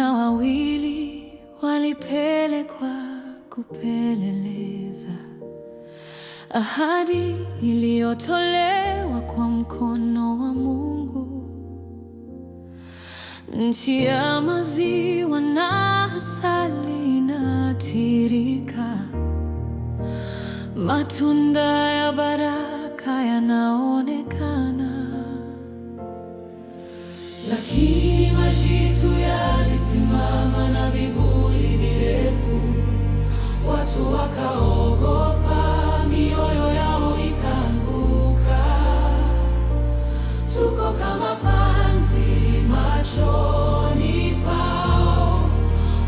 na wawili walipelekwa kupeleleza ahadi iliyotolewa kwa mkono wa Mungu, nchi ya maziwa na asali inatirika, matunda ya baraka yanaonekana lakini majitu yalisimama na vivuli virefu, watu wakaogopa, mioyo yao ikanguka Tuko kama panzi machoni pao,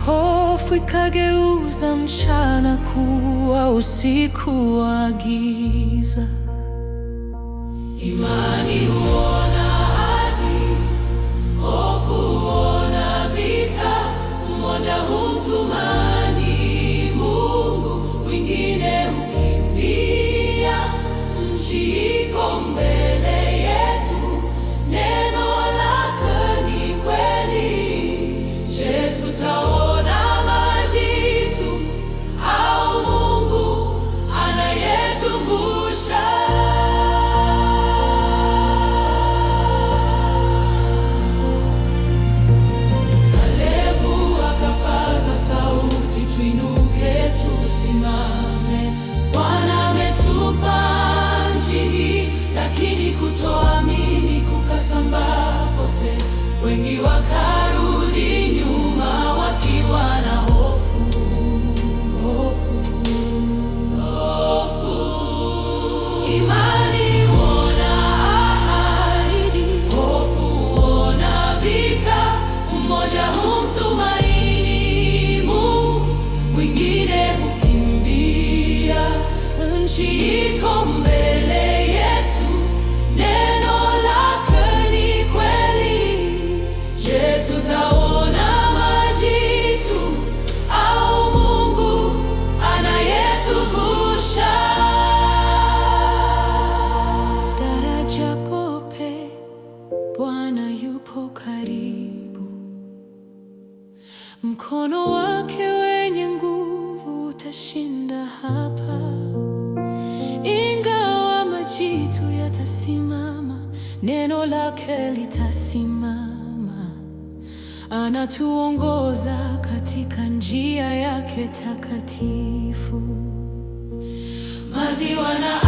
hofu ikageuza mchana kuwa usiku wa giza. Imani huona mmoja humtumaini Mungu, mwingine hukimbia nchi ikombe nitashinda hapa, ingawa majitu yatasimama, neno lake litasimama. Anatuongoza katika njia yake takatifu, maziwa na